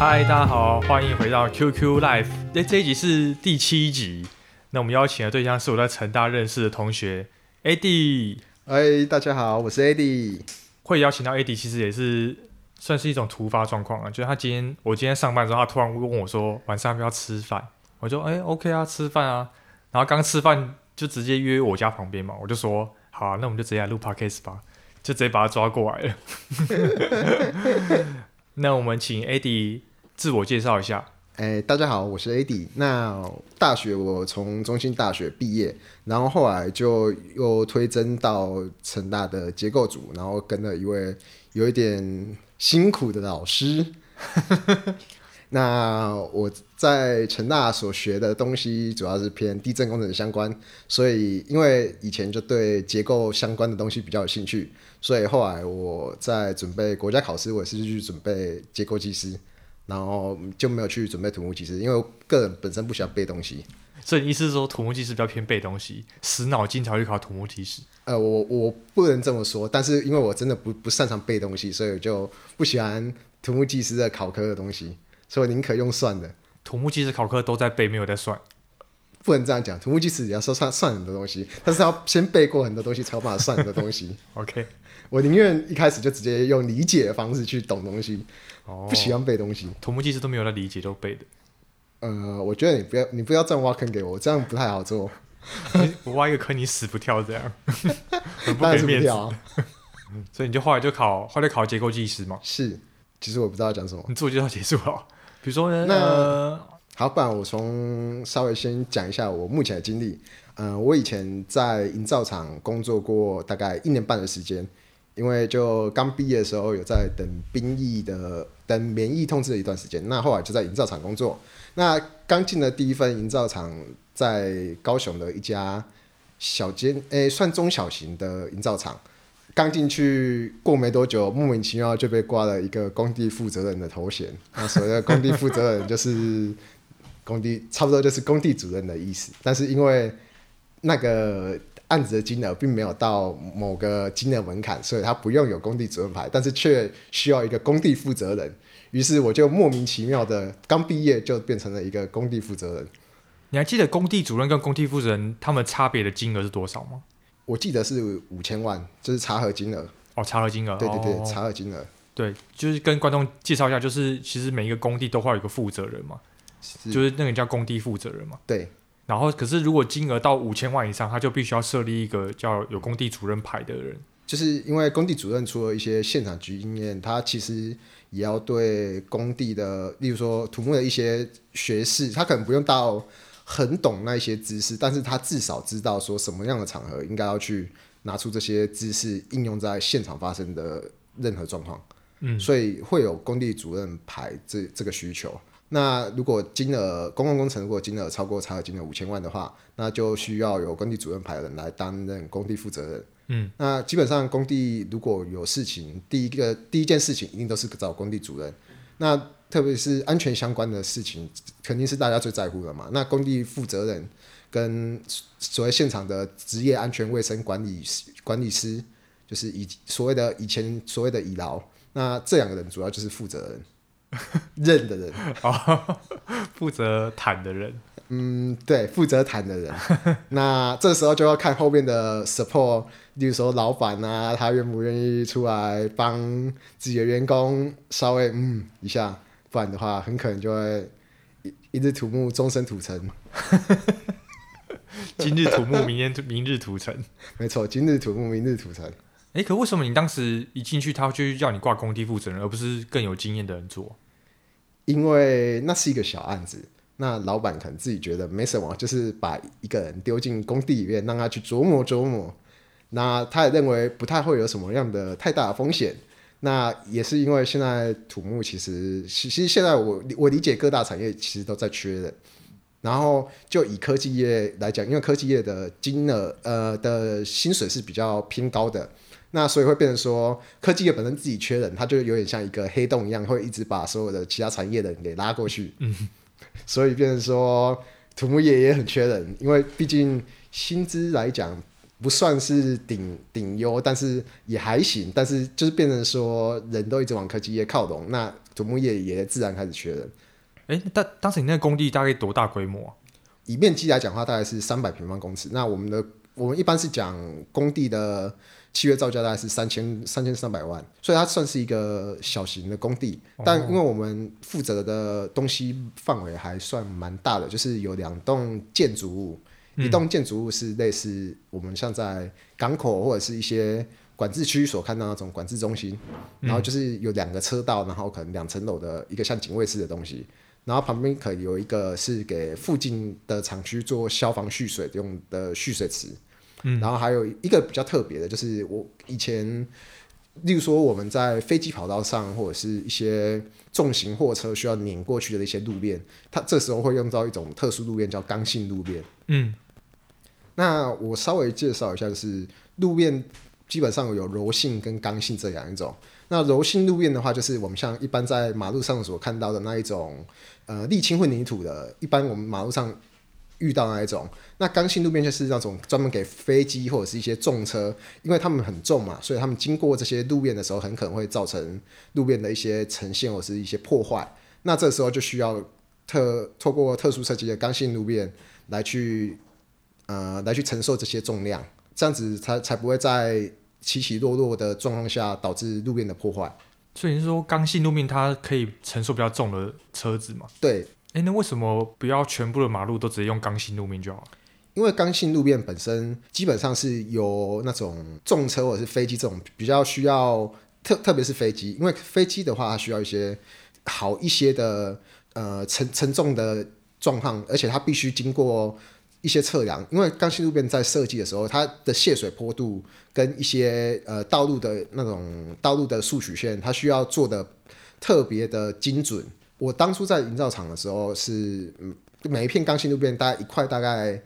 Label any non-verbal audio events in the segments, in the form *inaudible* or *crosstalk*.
嗨，Hi, 大家好，歡迎回到 QQ Live、欸。這一集是第七集。那我們邀請的對象是我在成大認識的同學，Eddy。哎，hey, 大家好，我是 Eddy。會邀請到 Eddy，其實也是算是一種突發狀況啊。就是他今天，我今天上班的時候，他突然問我說，晚上要不要吃飯？我說，哎、欸、，OK 啊，吃飯啊。然後剛吃飯就直接約我家旁邊嘛，我就說，好、啊，那我們就直接來錄 podcast 吧，就直接把他抓過來了。 *laughs* *laughs* *laughs* 那我們請 Eddy。自我介紹一下。哎、欸，大家好，我是 Eddy 那大學我從中興大學畢業，然後後來就又推甄到成大的結構組，然後跟了一位有一點辛苦的老師。 *laughs* 那我在成大所學的東西主要是偏地震工程相關，所以因為以前就對結構相關的東西比較有興趣，所以後來我在準備國家考試，我也是去準備結構技師。然後就沒有去準備土木技師，因為我個人本身不喜歡背東西，所以你意思是說土木技師比較偏背東西，死腦筋才會去考土木技師？呃，我我不能這麼說，但是因為我真的不不擅長背東西，所以我就不喜歡土木技師的考科的東西，所以寧可用算的。土木技師考科都在背，沒有在算，不能這樣講。土木技師也要算，算很多東西，但是要先背過很多東西，才有辦法算很多東西。 *laughs* OK。我寧願一開始就直接用理解的方式去懂東西，哦、不喜歡背東西。土木技師都沒有來理解都背的。呃，我覺得你不要你不要再挖坑給我，這樣不太好做。我挖一個坑， *laughs* 你死不跳這樣。 *laughs* 可不給面子。 *laughs* 啊、 *laughs* 所以你就後來就考，後來考結構技師嗎？是，其實我不知道講什麼。你自我介紹結束了、喔。比如說呢那好，不然我從稍微先講一下我目前的經歷。嗯、呃，我以前在營造廠工作過大概一年半的時間。因為就剛畢業的時候有在等兵役的、等免役通知的一段時間，那後來就在營造廠工作。那剛進的第一份營造廠在高雄的一家小間，誒、欸，算中小型的營造廠。剛進去過沒多久，莫名其妙就被掛了一個工地負責人的頭銜。那所謂的工地負責人就是工地 *laughs* 差不多就是工地主任的意思，但是因為那個。案子的金額並沒有到某個金額門檻，所以他不用有工地主任牌，但是卻需要一個工地負責人。於是我就莫名其妙的剛畢業就變成了一個工地負責人。你還記得工地主任跟工地負責人他們差別的金額是多少嗎？我記得是五千萬，就是查核金額。哦，查核金額，對對對，查核金額，哦，查核金額，對，就是跟觀眾介紹一下，就是其實每一個工地都會有一個負責人嘛，是就是那個叫工地負責人嘛，對。然後，可是如果金額到五千萬以上，他就必須要設立一個叫有工地主任牌的人，就是因為工地主任除了一些現場經驗，他其實也要對工地的，例如說土木的一些學士，他可能不用到很懂那一些知識，但是他至少知道說什麼樣的場合應該要去拿出這些知識應用在現場發生的任何狀況，嗯，所以會有工地主任牌這這個需求。那如果金額公共工程如果金額超過查核金額五千萬的話，那就需要由工地主任派人來擔任工地負責人。嗯，那基本上工地如果有事情，第一個第一件事情一定都是找工地主任。那特別是安全相關的事情，肯定是大家最在乎的嘛。那工地負責人跟所謂現場的職業安全衛生管理管理師，就是以所謂的以前所謂的乙勞，那這兩個人主要就是負責人。認的人，哦，負責談的人，嗯，對，負責談的人， *laughs* 那這個時候就要看後面的 support，例如說老闆吶、啊，他願不願意出來幫自己的員工稍微嗯一下，不然的話，很可能就會一一日土木，終身土城。 *laughs* *laughs* 今日土木，明天明日土城，沒錯，今日土木，明日土城。誒，可為什麼你當時一進去，他就叫你掛工地負責人，而不是更有經驗的人做？因為那是一個小案子，那老闆可能自己覺得沒什麼，就是把一個人丟進工地裡面，讓他去琢磨琢磨。那他也認為不太會有什麼樣的太大的風險。那也是因為現在土木其實，其實，現在我我理解各大產業其實都在缺人。然後就以科技業來講，因為科技業的金額呃的薪水是比較偏高的。那所以會變成說，科技業本身自己缺人，它就有點像一個黑洞一樣，會一直把所有的其他產業的人給拉過去。嗯。所以變成說，土木業也很缺人，因為畢竟薪資來講不算是頂頂優，但是也還行。但是就是變成說，人都一直往科技業靠攏，那土木業也自然開始缺人。誒，但當時你那工地大概多大規模啊？以面積來講的話，大概是三百平方公尺。那我們的我們一般是講工地的。七月造價大概是三千三千三百萬，所以它算是一個小型的工地。但因為我們負責的東西範圍還算蠻大的，就是有兩棟建築物，一棟建築物是類似我們像在港口或者是一些管制區所看到的那種管制中心，然後就是有兩個車道，然後可能兩層樓的一個像警衛室的東西，然後旁邊可以有一個是給附近的廠區做消防蓄水的用的蓄水池。嗯、然後還有一個比較特別的，就是我以前，例如說我們在飛機跑道上，或者是一些重型貨車需要碾過去的那些路面，它這時候會用到一種特殊路面，叫剛性路面。嗯，那我稍微介紹一下，就是路面基本上有柔性跟剛性這樣一種。那柔性路面的話，就是我們像一般在馬路上所看到的那一種，呃，瀝青混凝土的，一般我們馬路上。遇到那一種？那剛性路面就是那種專門給飛機或者是一些重車，因為他們很重嘛，所以他們經過這些路面的時候，很可能會造成路面的一些沉陷，或者是一些破壞。那這時候就需要特透過特殊設計的剛性路面來去呃來去承受這些重量，這樣子才才不會在起起落落的狀況下導致路面的破壞。所以你說，剛性路面它可以承受比較重的車子嘛？對。欸、那為什麼不要全部的馬路都直接用剛性路面就好？因為剛性路面本身基本上是有那種重車或者是飛機這種比較需要特、特別是飛機，因為飛機的話它需要一些好一些的呃承承重的狀況，而且它必須經過一些測量，因為剛性路面在設計的時候，它的洩水坡度跟一些呃道路的那種道路的豎曲線，它需要做的特別的精準。我當初在營造廠的時候是，每一片剛性路面大概一塊，大概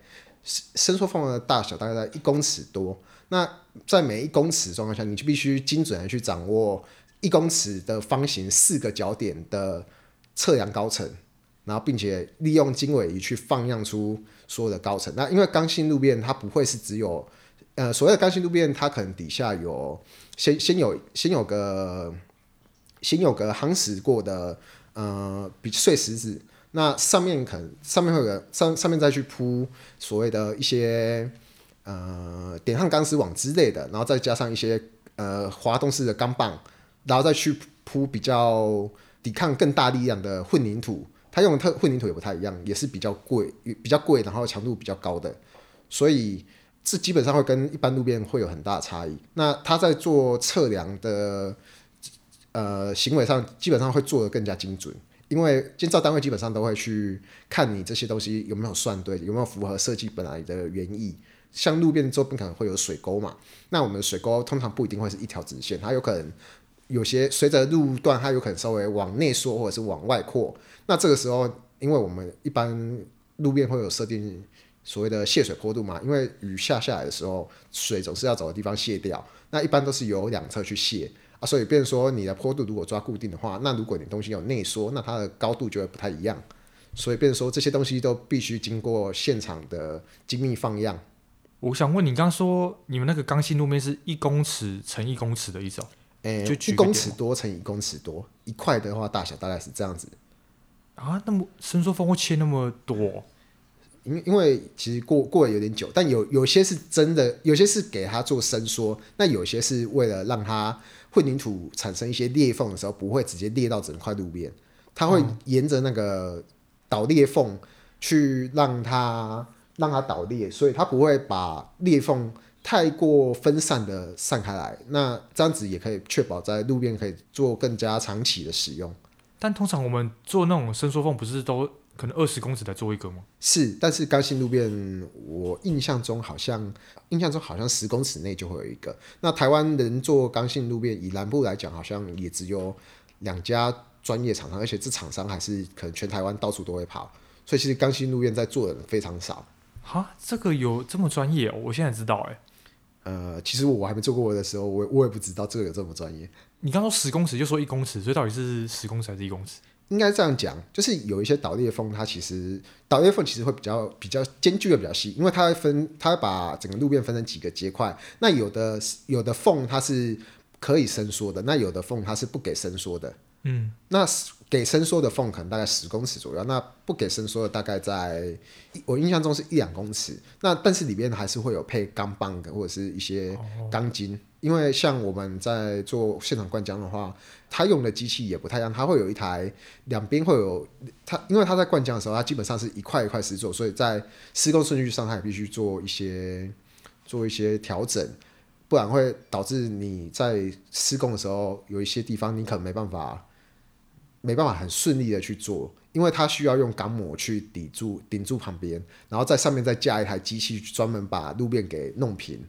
伸縮縫的大小大概在一公尺多。那在每一公尺狀況下，你就必須精準地去掌握一公尺的方形四個角點的測量高層，然後並且利用經緯儀去放樣出所有的高層。那因為剛性路面它不會是只有，呃，所謂的剛性路面它可能底下有先先有先有個先有個夯實過的。呃，比碎石子，那上面可能上面會有上上面再去鋪所謂的一些呃，點焊鋼絲網之類的，然後再加上一些呃，滑動式的鋼棒，然後再去鋪比較抵抗更大力量的混凝土。它用的特混凝土也不太一樣，也是比較貴，比較貴，然後強度比較高的，所以這基本上會跟一般路面會有很大差異。那它在做測量的。呃，行為上基本上會做得更加精準，因為建造單位基本上都會去看你這些東西有沒有算對，有沒有符合設計本來的原意。像路面周邊可能會有水溝嘛，那我們的水溝通常不一定會是一條直線，它有可能有些隨着路段它有可能稍微往內縮或者是往外擴。那這個時候，因為我們一般路面會有設定所謂的洩水坡度嘛，因為雨下下來的時候，水總是要走的地方洩掉，那一般都是由兩側去洩。所以，變說你的坡度如果抓固定的話，那如果你東西有內縮，那它的高度就會不太一樣。所以，變說這些東西都必須經過現場的精密放樣。我想問你，剛說你們那個剛性路面是一公尺乘一公尺的一種、喔，誒、欸，就一公尺多乘以一公尺多一塊的話，大小大概是這樣子。啊，那麼伸縮縫會切那麼多？因因為其實過過了有點久，但有有些是真的，有些是給它做伸縮，那有些是為了讓它。混凝土產生一些裂縫的時候，不會直接裂到整塊路面，它會沿着那個導裂縫去讓它讓它導裂，所以它不會把裂縫太過分散的散開來。那這樣子也可以確保在路面可以做更加長期的使用。但通常我們做的那種伸縮縫不是都。可能二十公尺才做一個嗎？是，但是剛性路面，我印象中好像，印象中好像十公尺內就會有一個。那台灣人做剛性路面，以南部來講，好像也只有兩家專業廠商，而且這廠商還是可能全台灣到處都會跑，所以其實剛性路面在做的非常少。哈，這個有這麼專業哦？我現在知道欸，呃，其實我我還沒做過的時候，我也我也不知道這個有這麼專業。你剛說十公尺，就說一公尺，所以到底是十公尺還是一公尺？應該這樣講，就是有一些導裂縫，它其實導裂縫其實會比較比較間距會比較細，因為它會分，它會把整個路面分成幾個結塊，那有的有的縫它是可以伸縮的，那有的縫它是不給伸縮的，嗯，那給伸縮的縫可能大概十公尺左右，那不給伸縮的大概在我印象中是一兩公尺，那但是裡面還是會有配鋼棒的或者是一些鋼筋。哦因為像我們在做現場灌漿的話，他用的機器也不太一樣，他會有一台兩邊會有，他因為他在灌漿的時候，他基本上是一塊一塊施作，所以在施工順序上，他也必須做一些做一些調整，不然會導致你在施工的時候，有一些地方你可能沒辦法沒辦法很順利的去做，因為他需要用鋼模去抵住頂住旁邊，然後在上面再架一台機器專門把路面給弄平。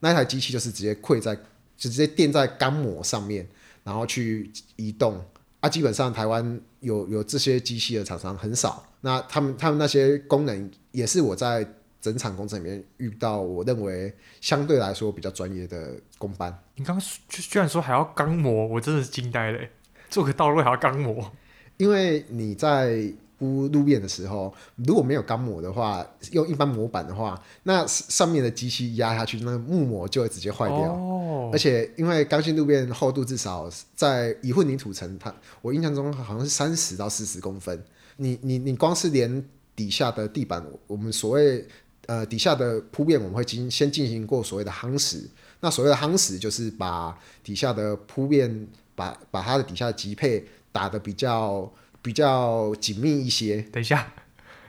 那台機器就是直接跪在，就直接墊在鋼模上面，然後去移動啊。基本上台灣有有這些機器的廠商很少，那他們他們那些功能也是我在整場工程裡面遇到，我認為相對來說比較專業的工班。你剛剛居然說還要鋼模，我真的是驚呆了，做個道路還要鋼模？因為你在。鋪路面的時候，如果沒有鋼模的話，用一般模板的話，那上面的機器壓下去，那木模就會直接壞掉。哦。而且，因為剛性路面厚度至少在以混凝土層，它我印象中好像是三十到四十公分。你你你光是連底下的地板，我們所謂呃底下的鋪面，我們會進先進行過所謂的夯實。那所謂的夯實，就是把底下的鋪面，把把它的底下的級配打得比較。比較緊密一些。等一下，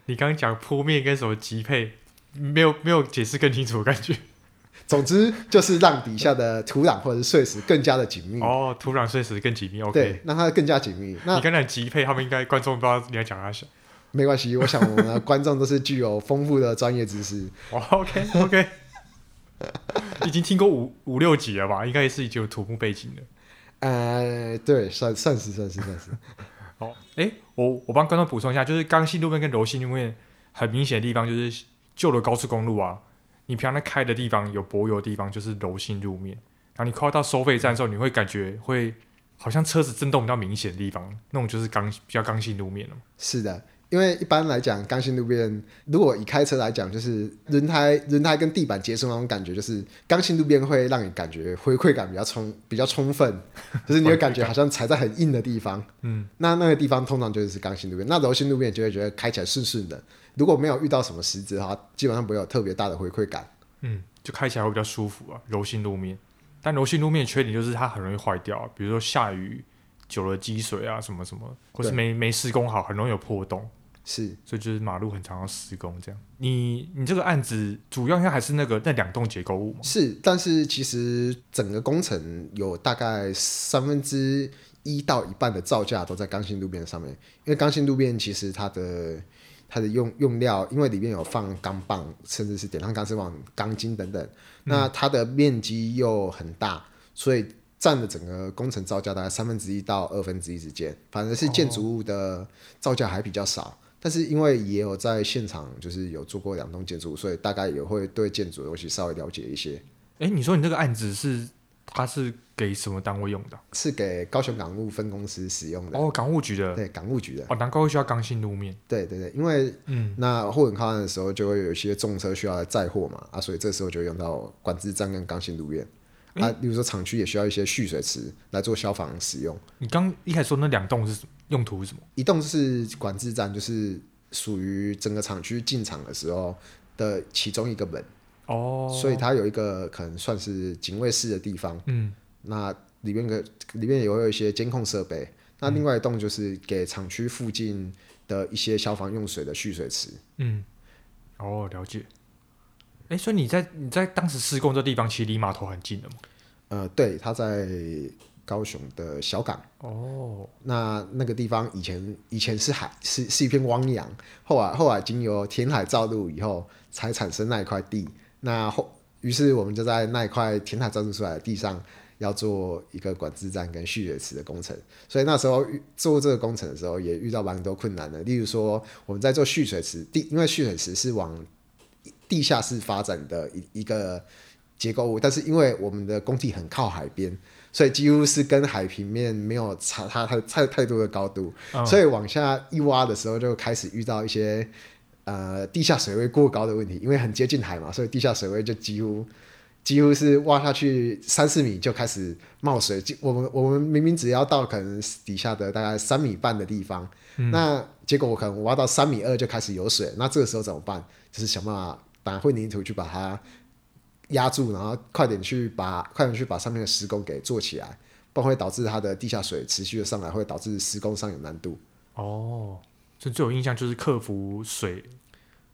你剛剛講鋪面跟什麼級配，沒有沒有解釋更清楚的感覺。總之就是讓底下的土壤或者是碎石更加的緊密。 *laughs* 哦，土壤碎石更緊密。OK，讓它更加緊密。那你剛才級配，他們應該觀眾不知道你要講哪些。沒關係，我想我們的觀眾都是具有豐富的專業知識。o k、 *laughs* 哦、OK，, okay *laughs* 已經聽過五五六集了吧？應該是已經有土木背景的。呃，對，算算是算是算是。算是算是好，誒、哦欸，我我幫觀眾補充一下，就是剛性路面跟柔性路面很明顯的地方，就是舊的高速公路啊，你平常在開的地方有柏油的地方，就是柔性路面，然後你快到收費站的時候，你會感覺會好像車子震動比較明顯的地方，那種就是剛比較剛性路面了。哦。是的。因為一般來講，剛性路面如果以開車來講，就是輪胎輪胎跟地板接觸那種感覺，就是剛性路面會讓你感覺回饋感比較充比較充分，就是你會感覺好像踩在很硬的地方。 *laughs* 嗯，那那個地方通常就是剛性路面。那柔性路面就會覺得開起來順順的。如果沒有遇到什麼石子的話，基本上不會有特別大的回饋感。嗯，就開起來會比較舒服啊。柔性路面，但柔性路面缺點就是它很容易壞掉，啊，比如說下雨久了積水啊，什麼什麼，或是沒對沒施工好，很容易有破洞。是，所以就是馬路很長要施工這樣。你你這個案子主要應該還是那個那兩棟結構物嗎？是，但是其實整個工程有大概三分之一到一半的造價都在剛性路面上面，因為剛性路面其實它的它的用用料，因為裡面有放鋼棒，甚至是點上鋼絲網、鋼筋等等，那它的面積又很大，嗯、所以佔了整個工程造價大概三分之一到二分之一之間，反而是建築物的造價還比較少。哦但是因為也有在現場，就是有做過兩棟建築，所以大概也會對建築的東西稍微了解一些。哎、欸，你說你這個案子是，它是給什麼單位用的？是給高雄港務分公司使用的哦，港務局的，對港務局的哦，難怪會需要剛性路面，對對對，因為嗯，那貨運靠岸的時候就會有一些重車需要來載貨嘛，嗯、啊，所以這時候就用到管制站跟剛性路面。嗯、啊，例如說廠區也需要一些蓄水池來做消防使用。你剛一開始說那兩棟是用途是什麼？一棟是管制站，就是屬於整個廠區進廠的時候的其中一個門哦，所以它有一個可能算是警衛室的地方。嗯，那裡面個裡面也會有一些監控設備。那另外一棟就是給廠區附近的一些消防用水的蓄水池。嗯，哦，了解。哎，所以你在你在當時施工這地方，其實離碼頭很近的嘛。呃，對，它在高雄的小港。哦。那那個地方以前以前是海，是是一片汪洋，後來後來經由填海造陸以後，才產生那一塊地。那後於是我們就在那一塊填海造陸出來的地上，要做一個管制站跟蓄水池的工程。所以那時候做這個工程的時候，也遇到蠻多困難的。例如說，我們在做蓄水池地，因為蓄水池是往地下室發展的一一個結構物，但是因為我們的工地很靠海邊，所以幾乎是跟海平面沒有差差太太太多的高度，哦，所以往下一挖的時候就開始遇到一些呃地下水位過高的問題，因為很接近海嘛，所以地下水位就幾乎幾乎是挖下去三四米就開始冒水，我們我們明明只要到可能底下的大概三米半的地方，嗯，那結果我可能挖到三米二就開始有水，那這個時候怎麼辦？就是想辦法。把混凝土去把它壓住，然後快點去把快點去把上面的施工給做起來，不然會導致它的地下水持續的上來，會導致施工上有難度。哦，所以最有印象就是克服水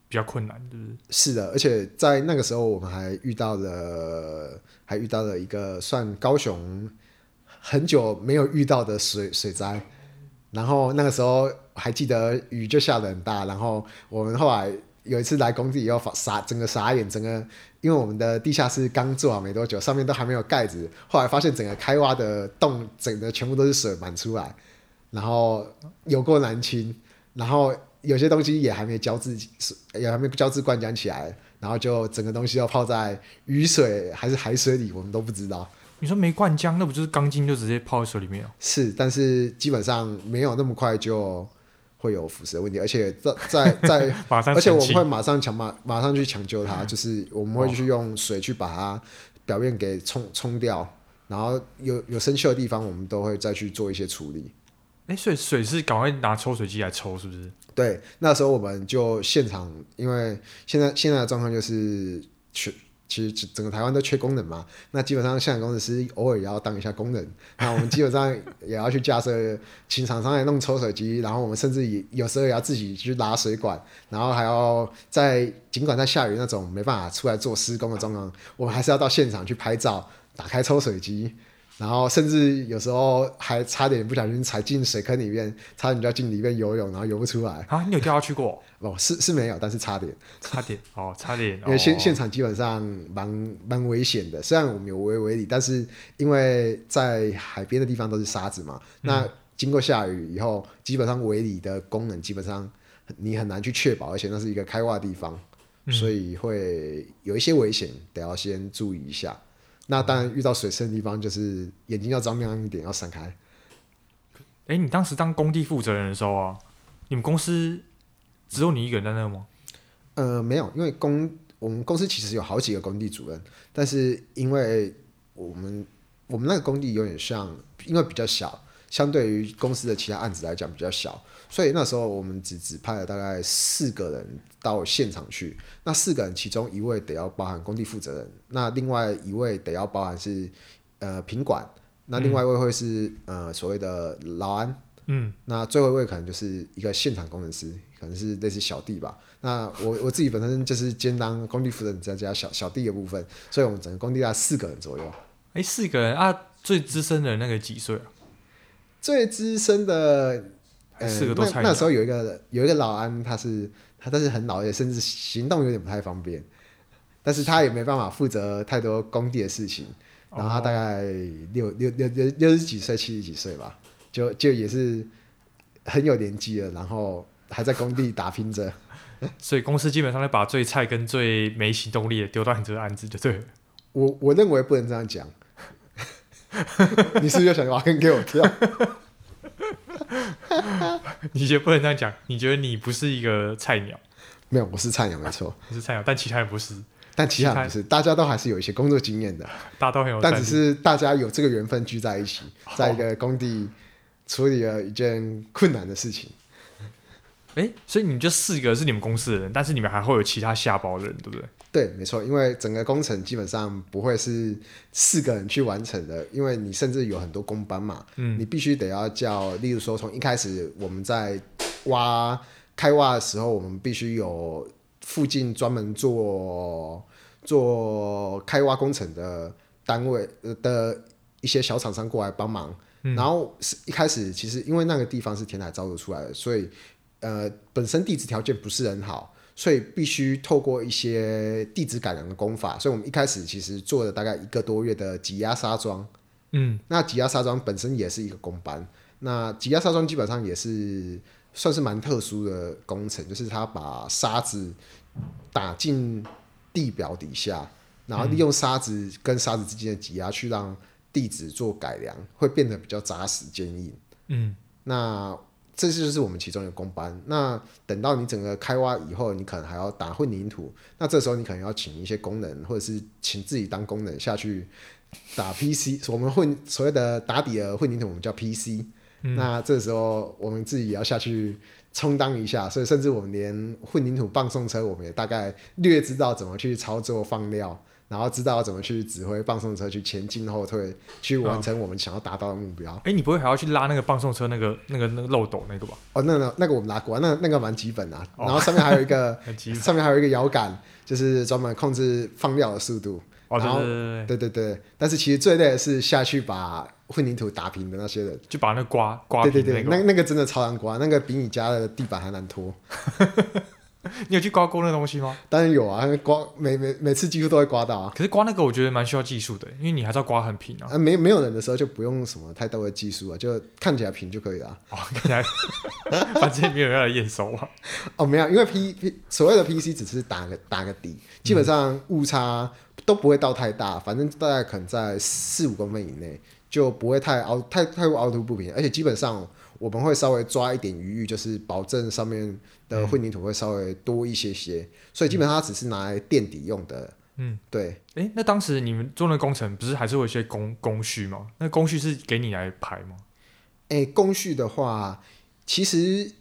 比較困難，是是,是的，而且在那個時候我們還遇到了還遇到了一個算高雄很久沒有遇到的水水災，然後那個時候還記得雨就下的很大，然後我們後來。有一次來工地要發傻整個傻眼，整個因為我們的地下室剛做好沒多久，上面都還沒有蓋子。後來發現整個開挖的洞，整個全部都是水滿出來，然後有過難清，然後有些東西也還沒澆置，也還沒澆置灌漿起來，然後就整個東西要泡在雨水還是海水裡，我們都不知道。你說沒灌漿，那不就是鋼筋就直接泡在水裡面了、啊？是，但是基本上沒有那麼快就。會有腐蝕的問題，而且在在在，在 *laughs* 而且我們會馬上搶馬馬上去搶救它，嗯、就是我們會去用水去把它表面給沖沖掉，然後有有生鏽的地方，我們都會再去做一些處理。哎、欸，所以水是趕快拿抽水機來抽，是不是？對，那時候我們就現場，因為現在現在的狀況就是去。其實整個台灣都缺工人嘛，那基本上現場工程師偶爾也要當一下工人。 *laughs* 那我們基本上也要去架設，請廠商來弄抽水機，然後我們甚至有有時候也要自己去拉水管，然後還要在盡管在下雨那種沒辦法出來做施工的狀況，我們還是要到現場去拍照，打開抽水機。然後甚至有時候還差點不小心踩進水坑裡面，差點就要進裡面游泳，然後游不出來啊！你有掉下去過？哦，是，是沒有，但是差點，差點哦，差點，因為現、哦、現場基本上蠻蠻危險的。雖然我們有圍圍籬，但是因為在海邊的地方都是沙子嘛，嗯、那經過下雨以後，基本上圍籬的功能基本上你很難去確保，而且那是一個開挖的地方，嗯、所以會有一些危險，得要先注意一下。那當然，遇到水深的地方，就是眼睛要張亮一點，要閃開。哎、欸，你當時當工地負責人的時候啊，你們公司只有你一個人在那嗎？呃，沒有，因為工我們公司其實有好幾個工地主任，但是因為我們我們那個工地有點像，因為比較小。相對於公司的其他案子來講比較小，所以那時候我們只只派了大概四個人到現場去。那四個人其中一位得要包含工地負責人，那另外一位得要包含是呃品管，那另外一位會是、嗯、呃所謂的勞安，嗯，那最後一位可能就是一個現場工程師，可能是類似小弟吧。那我我自己本身就是兼當工地負責人再加小小弟的部分，所以我們整個工地大概四個人左右。誒、欸，四個人啊，最資深的那個幾歲啊？最資深的，是、呃、那，那時候有一個有一個老安他，他是他，但是很老，也甚至行動有點不太方便，但是他也沒辦法負責太多工地的事情。然後他大概六、哦、六六六六十幾歲，七十幾歲吧，就就也是很有年紀了，然後還在工地打拼着。 *laughs* 欸、所以公司基本上會把最菜跟最沒行動力的丟到你這個案子，就對了。我我認為不能這樣講。 *laughs* 你是不是又想挖坑給我跳？ *laughs* 你覺得不能這樣講。你覺得你不是一個菜鳥？沒有，我是菜鳥沒，沒錯。你是菜鳥，但其他人不是。但其他人不是，大家都還是有一些工作經驗的。大家都很有，但只是大家有這個緣分聚在一起，在一個工地處理了一件困難的事情。哦誒，所以你們這四個是你們公司的人，但是你們還會有其他下包的人，對不對？對，沒錯，因為整個工程基本上不會是四個人去完成的，因為你甚至有很多工班嘛，嗯，你必須得要叫，例如說從一開始我們在挖開挖的時候，我們必須有附近專門做做開挖工程的單位的一些小廠商過來幫忙，嗯，然後是一開始其實因為那個地方是填海造就出來的，所以。呃，本身地質條件不是很好，所以必須透過一些地質改良的工法。所以，我們一開始其實做了大概一個多月的擠壓沙樁。嗯，那擠壓沙樁本身也是一個工班。那擠壓沙樁基本上也是算是蠻特殊的工程，就是它把沙子打進地表底下，然後利用沙子跟沙子之間的擠壓去讓地質做改良，會變得比較扎實、堅硬。嗯，那。這就是我們其中一個工班。那等到你整個開挖以後，你可能還要打混凝土。那這時候你可能要請一些工人，或者是請自己當工人下去打 PC。 *laughs* 我們混所謂的打底的混凝土，我們叫 PC，嗯。那這時候我們自己也要下去充當一下。所以甚至我們連混凝土泵送車，我們也大概略知道怎麼去操作放料。然後知道要怎麼去指揮泵送車去前進後退，去完成我們想要達到的目標。哎、嗯欸，你不會還要去拉那個泵送車那個那個那個漏斗那個吧？哦，那那那個我們拉過，那那個蠻基本的，啊。哦，然後上面還有一個 *laughs* 的上面還有一個搖桿，就是專門控制放料的速度。哦，然後對對對對，對，對，對，對，但是其實最累的是下去把混凝土打平的那些人，就把那個刮刮、那個、對對對，那那個真的超難刮，那個比你家的地板還難拖。 *laughs* 你有去刮過的東西嗎？當然有啊，刮每每每次幾乎都會刮到啊。可是刮那個我覺得蠻需要技術的，因為你還是要刮很平啊。沒沒有人的時候就不用什麼太多的技術啊，就看起來平就可以了。哦，看起來反正也沒有人來驗收啊。哦，沒有，因為 P P 所謂的 P C 只是打個打個底，基本上誤差都不會到太大，反正大概可能在四五公分以內，就不會太凹太太凹凸不平，而且基本上。我們會稍微抓一點餘裕，就是保證上面的混凝土會稍微多一些些，嗯、所以基本上它只是拿來墊底用的。嗯，對。誒，那當時你們做那工程不是還是有一些工工序嗎？那工序是給你來排嗎？誒，工序的話，其實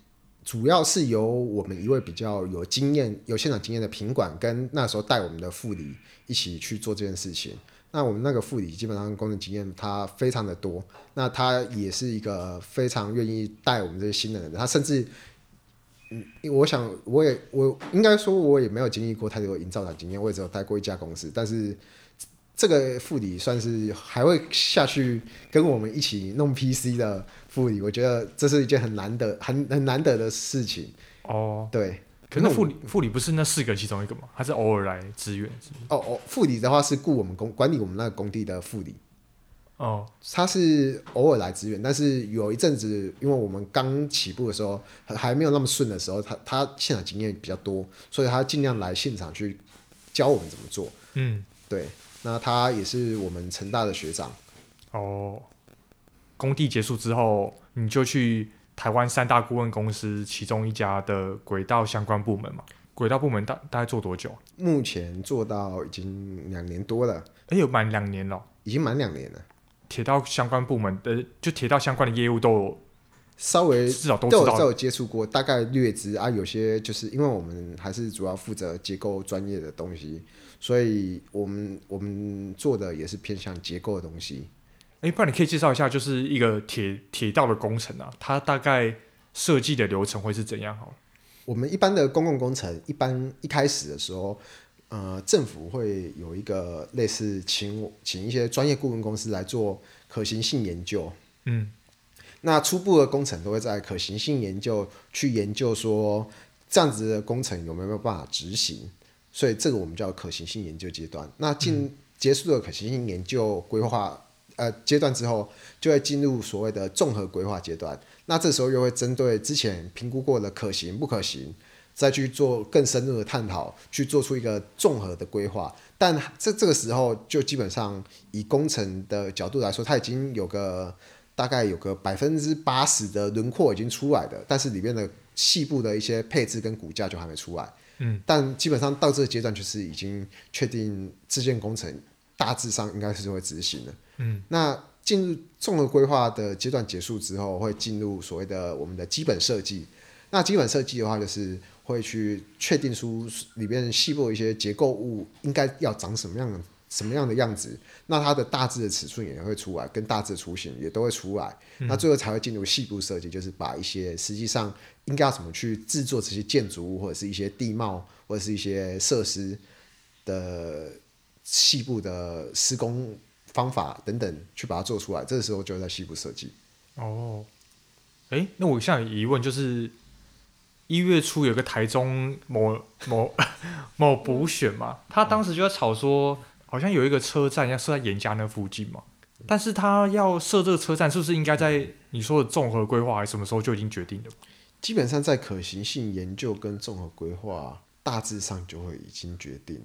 主要是由我們一位比較有經驗、有現場經驗的品管跟那時候帶我們的副理一起去做這件事情。那我們那個副理基本上工作經驗他非常的多，那他也是一個非常願意帶我們這些新的人，他甚至，嗯，我想我也，我應該說我也沒有經歷過太多營造的經驗，我也只有待過一家公司，但是這個副理算是還會下去跟我們一起弄 PC 的副理，我覺得這是一件很難得、很很難得的事情哦，oh. 對。可是那副理，副理不是那四個其中一個嗎？還是偶爾來支援是不是？哦哦，副理的話是雇我們工管理我們那個工地的副理。哦，他是偶爾來支援，但是有一陣子，因為我們剛起步的時候還沒有那麼順的時候，他他現場經驗比較多，所以他盡量來現場去教我們怎麼做。嗯，對，那他也是我們成大的學長。哦。工地結束之後，你就去。台灣三大顧問公司其中一家的軌道相關部門嘛，軌道部門大大概做多久啊？目前做到已經兩年多了，哎有滿兩年了，已經滿兩年了。鐵道相關部門的就鐵道相關的業務都有，稍微至少都都有，都有接觸過，大概略知啊。有些就是因為我們還是主要負責結構專業的東西，所以我們我們做的也是偏向結構的東西。哎，誒不然你可以介紹一下，就是一個鐵鐵道的工程啊，它大概設計的流程會是怎樣？好，我們一般的公共工程，一般一開始的時候，呃，政府會有一個類似請請一些專業顧問公司來做可行性研究。嗯，那初步的工程都會在可行性研究去研究說這樣子的工程有沒有辦法執行，所以這個我們叫可行性研究階段。那進、嗯、結束的可行性研究規劃。呃，階段之後，就會進入所謂的綜合規劃階段。那這時候又會針對之前評估過的可行不可行，再去做更深入的探討，去做出一個綜合的規劃。但這這個時候就基本上以工程的角度來說，它已經有個大概有個百分之八十的輪廓已經出來的，但是裡面的細部的一些配置跟骨架就還沒出來。嗯，但基本上到這個階段就是已經確定這件工程大致上應該是會執行了。嗯，那進入綜合規劃的階段結束之後，會進入所謂的我們的基本設計。那基本設計的話，就是會去確定出裡邊細部一些結構物應該要長什麼樣、什麼樣的樣子。那它的大致的尺寸也會出來，跟大致的雛形也都會出來。嗯、那最後才會進入細部設計，就是把一些實際上應該要怎麼去制作這些建築物，或者是一些地貌，或者是一些設施的細部的施工。方法等等去把它做出來，這個時候就會在西部設計。哦，哎、欸,那我現在有疑問就是，一月初有個台中某某 *laughs* 某補選嘛，他當時就在吵說，嗯、好像有一個車站要設在嚴家那附近嘛，嗯、但是他要設這個車站，是不是應該在你說的綜合規劃，還是什麼時候就已經決定了？基本上在可行性研究跟綜合規劃大致上就會已經決定。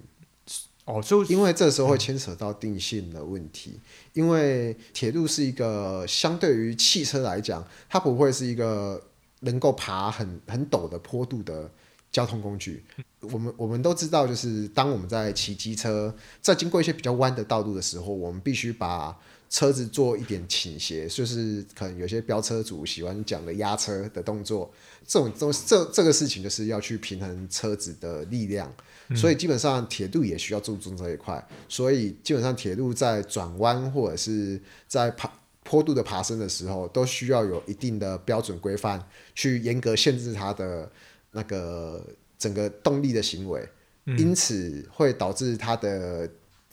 哦，就因為這時候會牽扯到定性的問題，嗯，因為鐵路是一個相對於汽車來講，它不會是一個能夠爬很很陡的坡度的交通工具。我們我們都知道，就是當我們在騎機車，在經過一些比較彎的道路的時候，我們必須把車子做一點傾斜，就是可能有些飆車主喜歡講的壓車的動作，這種東西，這種這,這個事情就是要去平衡車子的力量，嗯、所以基本上鐵路也需要注重這一塊，所以基本上鐵路在轉彎或者是在爬坡度的爬升的時候，都需要有一定的標準規範，去嚴格限制它的那個整個動力的行為，嗯、因此會導致它的。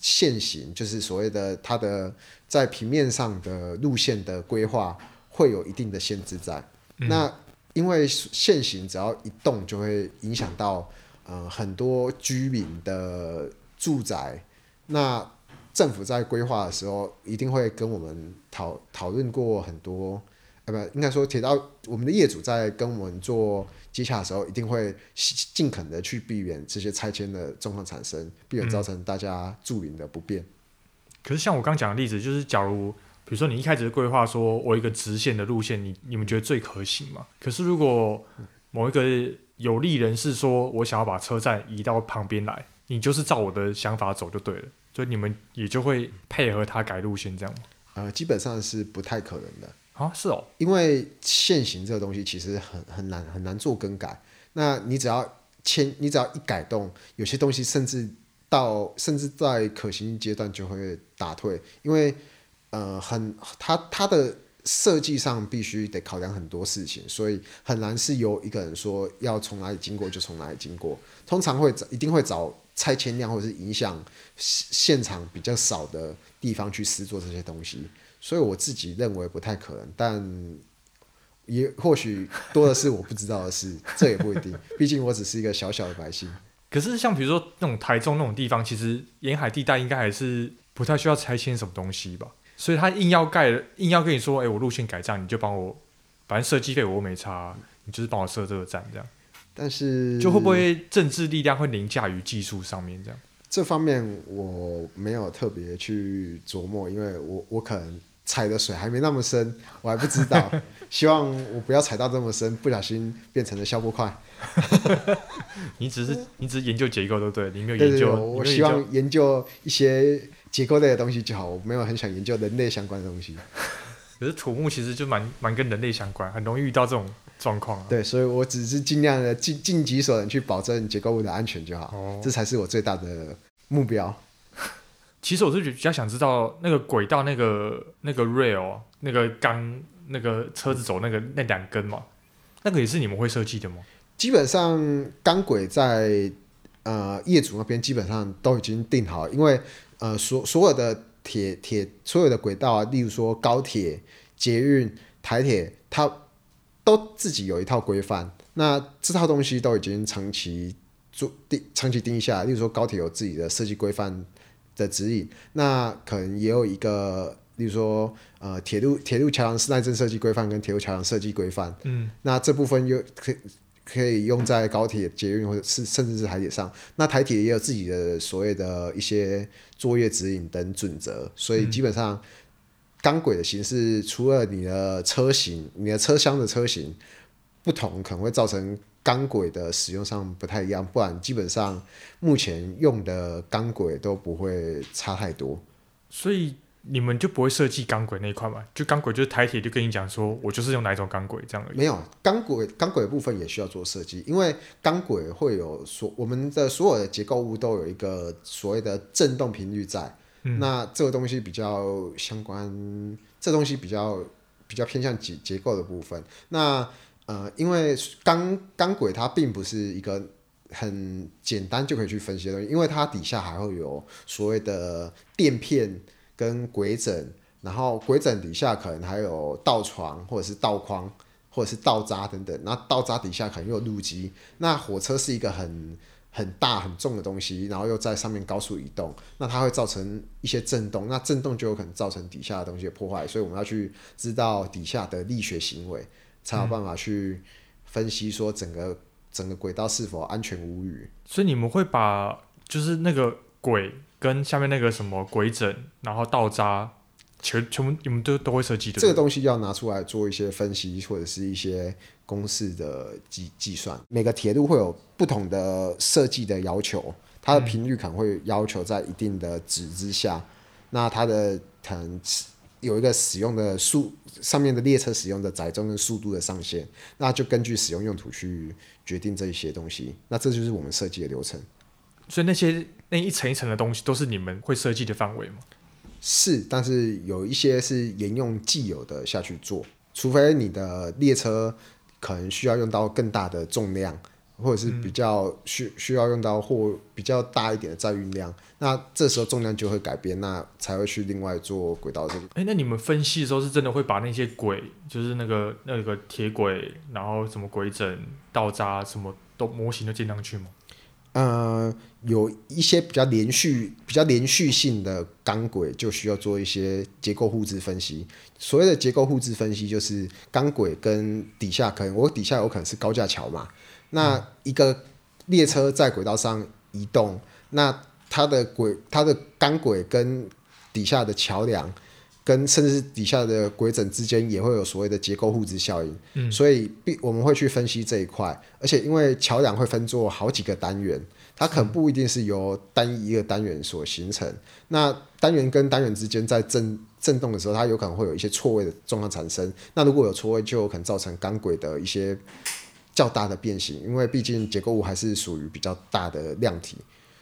線形就是所謂的它的在平面上的路線的規劃會有一定的限制在。嗯、那因為線形，只要一動就會影響到嗯、呃、很多居民的住宅。那政府在規劃的時候一定會跟我們討討論過很多。不，應該說，鐵道我們的業主在跟我們做接洽的時候，一定會盡可能的去避免這些拆遷的狀況產生，避免造成大家住民的不便。嗯、可是，像我剛講的例子，就是假如，比如說你一開始的規劃說，我有一個直線的路線，你你們覺得最可行嗎？可是，如果某一個有力人士說我想要把車站移到旁邊來，你就是照我的想法走就對了，所以你們也就會配合他改路線，這樣嗎、嗯？呃，基本上是不太可能的。啊，是哦，因為現行這個東西其實很很難很難做更改。那你只要簽，你只要一改動，有些東西甚至到甚至在可行性階段就會打退，因為呃很它它的設計上必須得考量很多事情，所以很難是由一個人說要從哪裡經過就從哪裡經過。通常會一定會找拆遷量或者是影響現場比較少的地方去試做這些東西。所以我自己認為不太可能，但也或許多的是我不知道的事， *laughs* 這也不一定。畢竟我只是一個小小的百姓。可是像比如說那種台中那種地方，其實沿海地帶應該還是不太需要拆遷什麼東西吧？所以他硬要蓋，硬要跟你說：“哎、欸，我路線改站，你就幫我，反正設計費我都沒差，你就是幫我設這個站這樣。”但是就會不會政治力量會凌駕於技術上面這樣？這方面我沒有特別去琢磨，因為我我可能。踩的水還沒那麼深，我還不知道。 *laughs* 希望我不要踩到這麼深，不小心變成了消波塊。 *laughs* *laughs* 你只是你只是研究結構都對，對，你沒有研究。我希望研究一些結構類的東西就好。我沒有很想研究人類相關的東西。 *laughs* 可是土木其實就蠻蠻跟人類相關，很容易遇到這種狀況，啊。對，所以我只是盡量的盡盡己所能去保證結構物的安全就好。哦、這才是我最大的目標。其實我是比較想知道那個軌道、那個、那個、那個 rail、那個鋼、那個車子走那個那兩根嘛，那個也是你們會設計的嗎？基本上鋼軌在呃業主那邊基本上都已經定好，因為呃所所有的鐵鐵所有的軌道啊，例如說高鐵、捷運、台鐵，它都自己有一套規範。那這套東西都已經長期做定，長期定下，例如說高鐵有自己的設計規範。的指引，那可能也有一個，例如說，呃，鐵路鐵路橋梁耐震設計規範跟鐵路橋梁設計規範，嗯，那這部分又可可以用在高鐵、捷運或者是甚至是台鐵上。那台鐵也有自己的所謂的一些作業指引等準則，所以基本上鋼軌的形式，除了你的車型、你的車廂的車型不同，可能會造成。鋼軌的使用上不太一樣，不然基本上目前用的鋼軌都不會差太多。所以你們就不會設計鋼軌那一塊嗎？就鋼軌就是台鐵，就跟你講說我就是用哪一種鋼軌這樣而已。沒有鋼軌，鋼軌部分也需要做設計，因為鋼軌會有所我們的所有的結構物都有一個所謂的震動頻率在。嗯、那這個東西比較相關，這個、東西比較比較偏向結結構的部分。那呃，因為鋼鋼軌它並不是一個很簡單就可以去分析的東西，因為它底下還會有所謂的墊片跟軌枕，然後軌枕底下可能還有道床或者是道框或者是道砟等等，那道砟底下可能有路基。那火車是一個很很大很重的東西，然後又在上面高速移動，那它會造成一些震動，那震動就有可能造成底下的東西的破壞，所以我們要去知道底下的力學行為。才有辦法去分析說整個、嗯、整個軌道是否安全無虞？所以你們會把就是那個軌跟下面那個什麼軌枕，然後道砟，全全部你們都都會設計。的這個東西要拿出來做一些分析，或者是一些公式的計計算。每個鐵路會有不同的設計的要求，它的頻率可能會要求在一定的值之下，嗯、那它的可能。有一個使用的速上面的列車使用的載重跟速度的上限，那就根據使用用途去決定這一些東西。那這就是我們設計的流程。所以那些那一層一層的東西都是你們會設計的範圍嗎？是，但是有一些是沿用既有的下去做，除非你的列車可能需要用到更大的重量。或者是比較需需要用到或比較大一點的載運量，嗯、那這時候重量就會改變，那才會去另外做軌道這個誒、欸，那你們分析的時候是真的會把那些軌，就是那個那個鐵軌，然後什麼軌枕、道砟什麼都模型都建上去嗎？嗯、呃，有一些比較連續、比較連續性的鋼軌，就需要做一些結構互制分析。所謂的結構互制分析，就是鋼軌跟底下可能我底下有可能是高架橋嘛。那一個列車在軌道上移動，那它的軌、它的鋼軌跟底下的橋梁，跟甚至是底下的軌枕之間也會有所謂的結構互制效應。嗯、所以必我們會去分析這一塊。而且因為橋梁會分做好幾個單元，它可能不一定是由單一一個單元所形成。嗯、那單元跟單元之間在震震動的時候，它有可能會有一些錯位的狀況產生。那如果有錯位，就可能造成鋼軌的一些較大的變形，因為畢竟結構物還是屬於比較大的量體，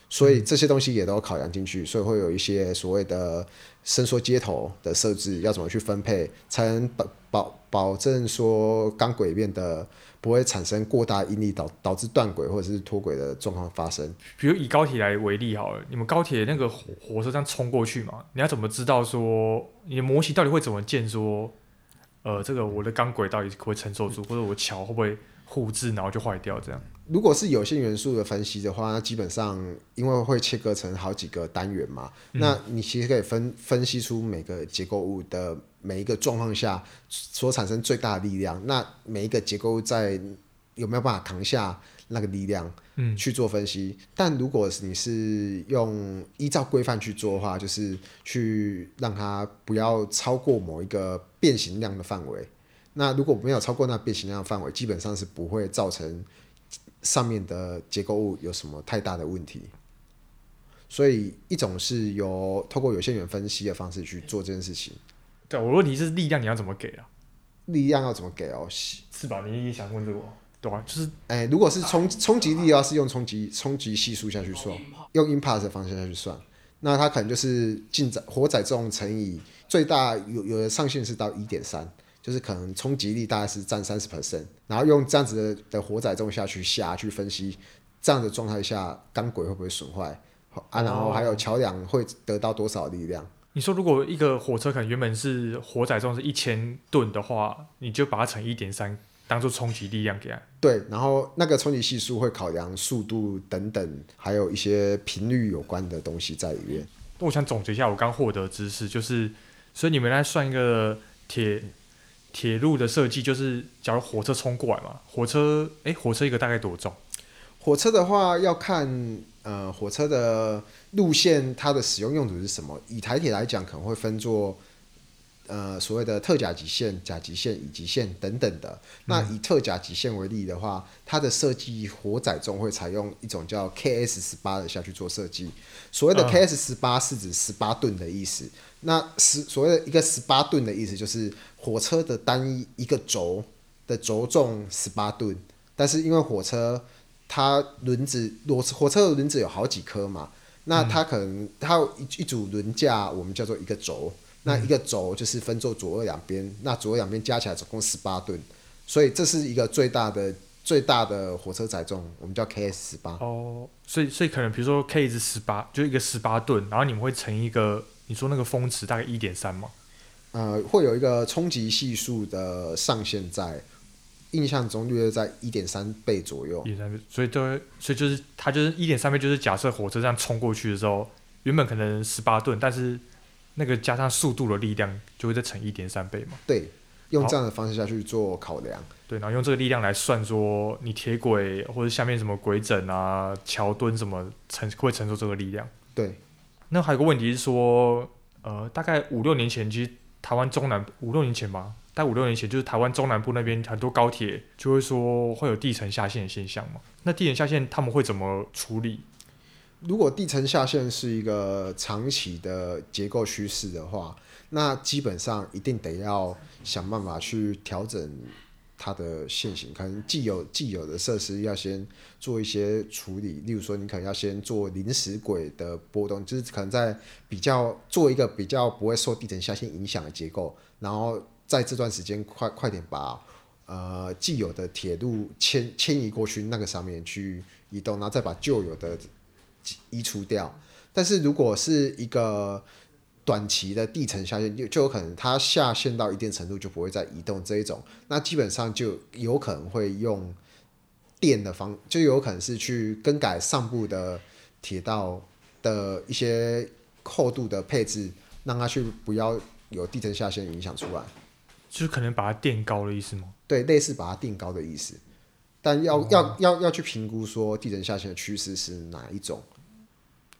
所以這些東西也都要考量進去。所以會有一些所謂的伸縮接頭的設置，要怎麼去分配，才能保保保證說鋼軌變得不會產生過大應力導導致斷軌或者是脫軌的狀況發生。比如以高鐵來為例，好了，你們高鐵那個火，火車這樣衝過去嘛，你要怎麼知道說你的模型到底會怎麼建？說，呃，這個我的鋼軌到底會承受住，或者我橋會不會？互制，然後就壞掉這樣。如果是有限元素的分析的話，那基本上因為會切割成好幾個單元嘛，嗯、那你其實可以分分析出每個結構物的每一個狀況下所產生最大的力量，那每一個結構在有沒有辦法扛下那個力量，去做分析。嗯、但如果你是用依照規範去做的話，就是去讓它不要超過某一個變形量的範圍。那如果沒有超過那變形量的範圍，基本上是不會造成上面的結構物有什麼太大的問題。所以一種是由透過有限元分析的方式去做這件事情。對，我問題是力量你要怎麼給啊？力量要怎麼給哦？是吧？你也想問着我，對啊，就是哎、欸，如果是衝衝擊力啊，是用衝擊衝擊係數下去算，用 in pass 的方式下去算，那它可能就是進載活載重乘以最大有有的上限是到一點三。就是可能衝擊力大概是占三十 percent，然後用這樣子的的火載重下去下去分析，這樣的狀態下鋼軌會不會損壞啊？然後還有橋梁會得到多少力量？哦，你說如果一個火車可能原本是火載重是一千噸的話，你就把它乘一點三當做衝擊力量給它。對，然後那個衝擊係數會考量速度等等，還有一些頻率有關的東西在裡面。那我想總結一下我剛獲得的知識，就是所以你們來算一個鐵。鐵路的設計就是，假如火車衝過來嘛，火車誒、欸，火車一個大概多重？火車的話要看呃，火車的路線它的使用用途是什麼。以台鐵來講，可能會分作呃所謂的特甲級線、甲級線、乙級線等等的。那以特甲級線為例的話，它的設計活載重會採用一種叫 KS 十八的下去做設計。所謂的 KS 十八是指十八噸的意思。嗯那十所謂的一個十八噸的意思，就是火車的單一一個軸的軸重十八噸。但是因為火車它輪子，火火車的輪子有好幾顆嘛，那它可能它有一一組輪架，我們叫做一個軸。那一個軸就是分做左、右兩邊，那左、右兩邊加起來總共十八噸，所以這是一個最大的最大的火車載重，我們叫 K S 十八。哦，所以所以可能比如說 K S 十八就一個十八噸，然後你們會乘一個。你說那個峰值大概一點三嗎？呃，會有一個衝擊係數的上限在，在印象中大約在一點三倍左右。一點三倍，所以就，所以就是它就是一點三倍，就是假設火車這樣衝過去的時候，原本可能十八噸，但是那個加上速度的力量就會再乘一點三倍嘛？對，用這樣的方式下去做考量，對，然後用這個力量來算說，你鐵軌或者下面什麼軌枕啊、橋墩什麼承會承受這個力量？對。那還有一個問題是說，呃，大概五六年前，其實台灣中南五六年前吧，大概五六年前，就是台灣中南部那邊很多高鐵就會說會有地層下陷的現象嘛。那地層下陷他們會怎麼處理？如果地層下陷是一個長期的結構趨勢的話，那基本上一定得要想辦法去調整。它的線型可能既有既有的設施要先做一些處理，例如說你可能要先做臨時軌的波動，就是可能在比較做一個比較不會受地層下陷影響的結構，然後在這段時間快快點把呃既有的鐵路遷遷移過去那個上面去移動，然後再把舊有的移除掉。但是如果是一個短期的地層下陷，就就有可能它下陷到一定程度就不會再移動這一種，那基本上就有可能會用墊的方，就有可能是去更改上部的鐵道的一些厚度的配置，讓它去不要有地層下陷影響出來，就是可能把它墊高的意思嗎？對，類似把它墊高的意思，但要、嗯、哼要要要去評估說地層下陷的趨勢是哪一種。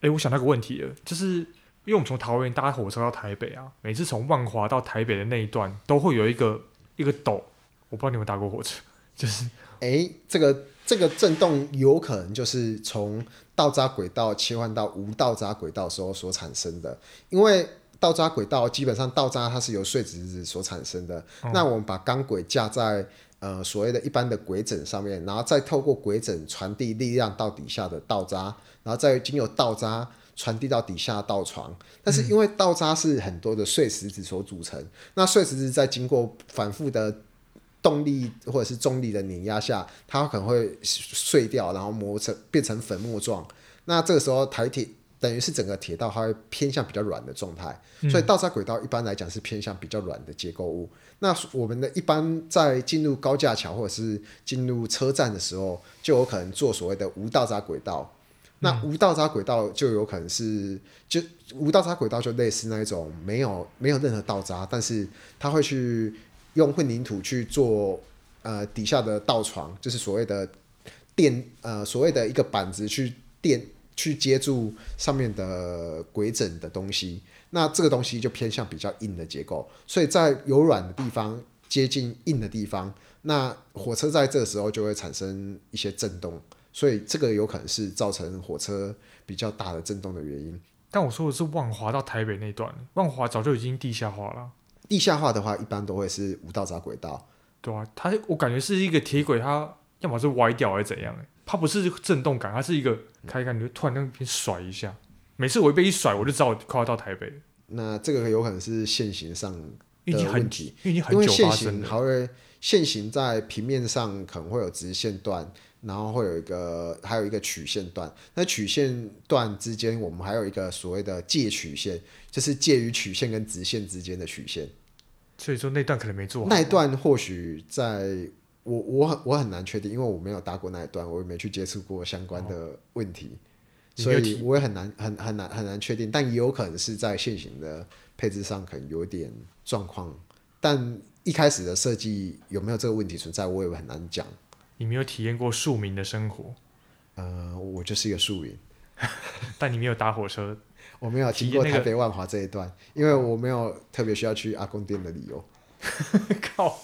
誒、欸，我想到個問題了，就是。因為我們從桃園搭火車到台北啊，每次從萬華到台北的那一段都會有一個一個抖，我不知道你們搭過火車，就是哎、欸，這個這個震動有可能就是從道砟軌道切換到無道砟軌道時候所產生的，因為道砟軌道基本上道砟它是由碎石子所產生的，嗯、那我們把鋼軌架在呃所謂的一般的軌枕上面，然後再透過軌枕傳遞力量到底下的道砟，然後再經由道砟。傳遞到底下的道床，但是因為道渣是很多的碎石子所組成，嗯、那碎石子在經過反覆的動力或者是重力的碾壓下，它可能會碎掉，然後磨成變成粉末狀。那這個時候台鐵，鐵體等於是整個鐵道，它會偏向比較軟的狀態。所以，道渣軌道一般來講是偏向比較軟的結構物。嗯、那我們的一般在進入高架橋或者是進入車站的時候，就有可能做所謂的無道渣軌道。那無道砟軌道就有可能是，就無道砟軌道就類似那一種沒有沒有任何道砟，但是它會去用混凝土去做呃底下的道床，就是所謂的墊呃所謂的一個板子去墊去接住上面的軌枕的東西。那這個東西就偏向比較硬的結構，所以在有軟的地方接近硬的地方，那火車在這時候就會產生一些震動。所以這個有可能是造成火車比較大的震動的原因。但我說的是萬華到台北那段，萬華早就已經地下化了。地下化的話，一般都會是無道碴軌道。對啊，它我感覺是一個鐵軌，它要麼是歪掉，還是怎樣，欸？哎，它不是震動感，它是一個開、開一、嗯、你就突然那邊甩一下。每次我一被一甩，我就知道快要到台北。那這個有可能是線形上。的問題，很很因為線形還會線形在平面上可能會有直線段，然後會有一個還有一個曲線段。那曲線段之間，我們還有一個所謂的介曲線，就是介於曲線跟直線之間的曲線。所以說那段可能沒做。那一段或許在我我我很難確定，因為我沒有搭過那一段，我也沒去接觸過相關的問題，哦、所以我也很難很很難很難確定。但也有可能是在線形的。配置上可能有點狀況，但一開始的設計有沒有這個問題存在，我也很難講。你沒有體驗過庶民的生活，呃，我就是一個庶民， *laughs* 但你沒有搭火車，我沒有體驗過台北萬華這一段，那個、因為我沒有特別需要去阿公店的理由。 *laughs* *laughs* 靠！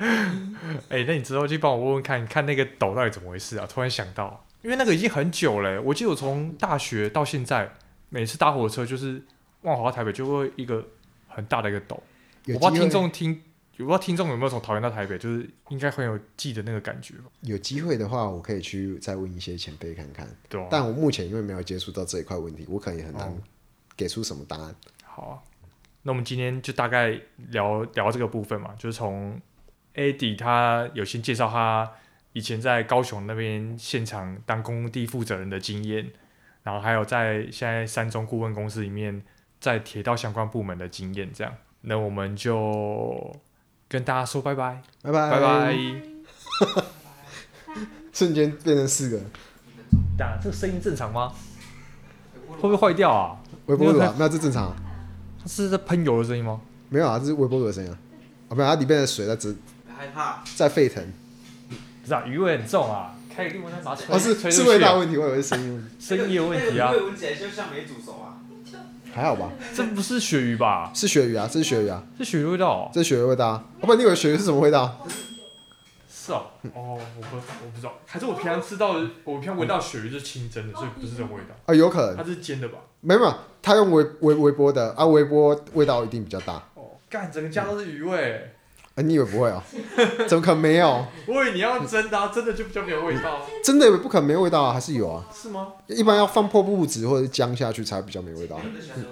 哎、 *laughs* 欸，那你之後去幫我問問看，看那個斗到底怎麼回事啊？突然想到，因為那個已經很久了，我記得我從大學到現在，每次搭火車就是。往好台北就會一個很大的一個抖。我不知道聽眾聽，我不知道聽眾有沒有從桃園到台北，就是應該很有記得那個感覺。有機會的話，我可以去再問一些前輩看看。對、啊，但我目前因為沒有接觸到這一塊問題，我可能也很難、哦、給出什麼答案。好、啊、那我們今天就大概聊聊這個部分嘛，就是從 Eddy 他有先介紹他以前在高雄那邊現場當工地負責人的經驗，然後還有在現在三中顧問公司裡面。在鐵道相關部門的經驗，這樣，那我們就跟大家說拜拜，拜拜拜拜，瞬間變成四個。這個聲音正常嗎？會不會壞掉啊？微波爐啊，那這正常。這是在噴油的聲音嗎？沒有啊，這是微波爐的聲音。啊，不然它裡面的水在只害怕。在沸騰。不是啊，魚味很重啊，可以另外再拿點。哦，是是味道問題，我以為是聲音問題。聲音有問題啊。還好吧，這不是鱈魚吧？是鱈魚啊，這是鱈魚啊。是鱈魚、啊、魚味道、啊。這是鱈魚味道、啊。哦不，你以為鱈魚是什麼味道是？是哦。哦，我不，我不知道。還是我平常吃到的，我平常聞到鱈魚是清蒸的，所以不是這種味道。嗯嗯、啊，有可能。它、啊、是煎的吧？沒有，沒有，它用微微微波的啊，微波味道一定比較大。哦，幹，整個家都是魚味。嗯欸、你以為不會啊？ *laughs* 怎麼可能沒有？我以為你要真的、啊， *laughs* 真的就比較沒有味道、啊嗯。真的不可能沒味道啊，還是有啊？哦、是嗎？一般要放破布子或者薑下去才會比較沒味道、啊。嗯嗯